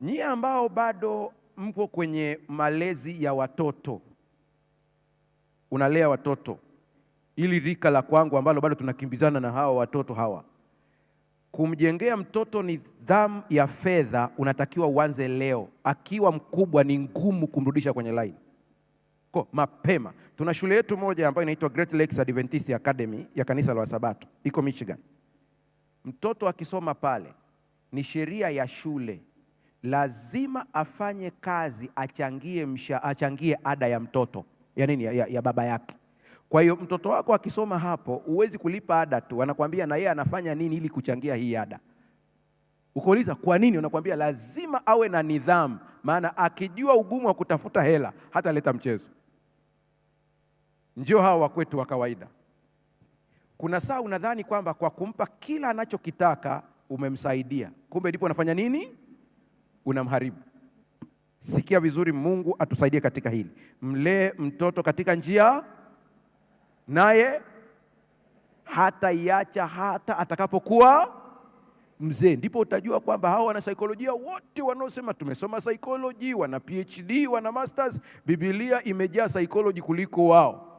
Nyie ambao bado mko kwenye malezi ya watoto, unalea watoto, ili rika la kwangu ambalo bado tunakimbizana na hawa watoto hawa, kumjengea mtoto nidhamu ya fedha unatakiwa uanze leo. Akiwa mkubwa ni ngumu kumrudisha kwenye laini ko mapema. Tuna shule yetu moja ambayo inaitwa Great Lakes Adventist Academy ya kanisa la Wasabato, iko Michigan. Mtoto akisoma pale ni sheria ya shule lazima afanye kazi, achangie msha, achangie ada ya mtoto ya nini, ya, ya baba yake. Kwa hiyo mtoto wako akisoma hapo, huwezi kulipa ada tu, anakwambia na yeye anafanya nini ili kuchangia hii ada. Ukauliza kwa nini, unakwambia lazima awe na nidhamu, maana akijua ugumu wa kutafuta hela hataleta mchezo. Njio hawa wakwetu wa kawaida, kuna saa unadhani kwamba kwa kumpa kila anachokitaka umemsaidia, kumbe ndipo anafanya nini unamharibu. Sikia vizuri, Mungu atusaidie katika hili. Mlee mtoto katika njia, naye hata iacha hata atakapokuwa mzee. Ndipo utajua kwamba hawa wana saikolojia wote wanaosema tumesoma saikoloji, wana PhD, wana masters, Biblia imejaa saikoloji kuliko wao.